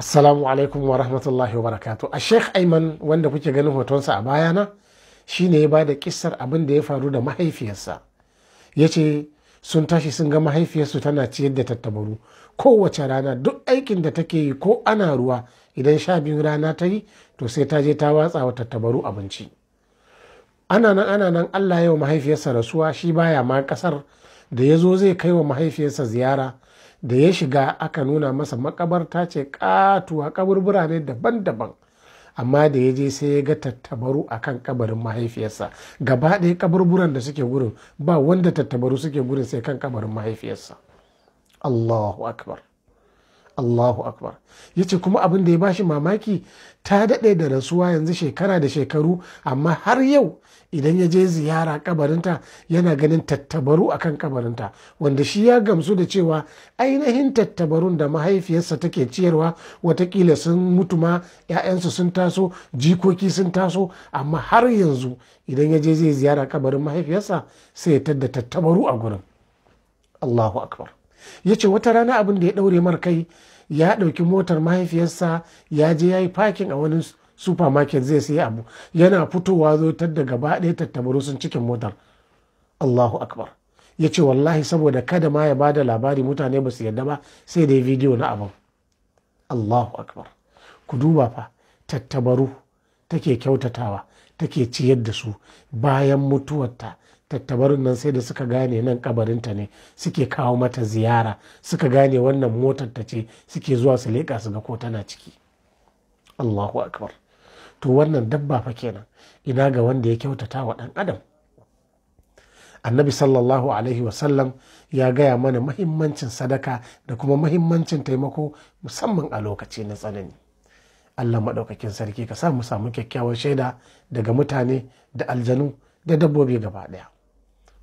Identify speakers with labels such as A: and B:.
A: Assalamu alaikum wa rahmatullahi wa barakatu. A Sheikh Aiman wanda kuke ganin hotonsa a bayana shi ne ya ba da kissar abin da ya faru da mahaifiyarsa. Ya ce sun tashi sun ga mahaifiyarsu tana ciyar da tattabaru. Kowace rana duk aikin da take yi ko ana ruwa idan sha biyu rana ta yi to sai ta je ta watsa wa tattabaru abinci. Ana nan ana nan Allah yau mahaifiyarsa rasuwa shi baya ma kasar da ya zo zai kai wa mahaifiyarsa ziyara. da ya shiga aka nuna masa makabarta ce katuwa kaburbura ne daban-daban amma da ya je sai ya ga tattabaru a kan kabarin mahaifiyarsa gaba ɗaya kaburburan da suke gurin ba wanda tattabaru suke gurin sai kan kabarin mahaifiyarsa allahu akbar Allahu akbar yace kuma abin da ya bashi mamaki ta daɗe da rasuwa yanzu shekara da shekaru amma har yau idan ya je ziyara kabarinta yana ganin tattabaru a kan kabarinta wanda shi ya gamsu da cewa ainihin tattabarun da mahaifiyarsa take ciyarwa watakila sun mutu ma 'ya'yansu sun taso jikoki sun taso amma har yanzu idan ya je zai ziyara kabarin mahaifiyarsa sai ya tattabaru a gurin Allahu akbar ya ce wata rana abin da ya ɗaure mar kai ya ɗauki motar mahaifiyarsa ya je ya yi pakin a wani supermarket zai sai abu yana fitowa zo ta da gaba ɗaya tattabaru sun cikin motar allahu akbar ya ce wallahi saboda kada ma ya bada labari mutane ba su yadda ba sai dai bidiyo na abin allahu akbar ku duba fa tattabaru take kyautatawa take ciyar da su bayan mutuwarta tattabarin nan sai da suka gane nan kabarinta ne suke kawo mata ziyara suka gane wannan motar ta ce suke zuwa su leƙa su ga ko tana ciki allahu akbar to wannan dabba fa kenan ina ga wanda ya kyautata wa ɗan adam annabi sallallahu alaihi wasallam ya gaya mana mahimmancin sadaka da kuma mahimmancin taimako musamman a lokaci na tsanani allah maɗaukakin sarki ka sa mu samu kyakkyawar shaida daga mutane da aljanu da dabbobi gaba ɗaya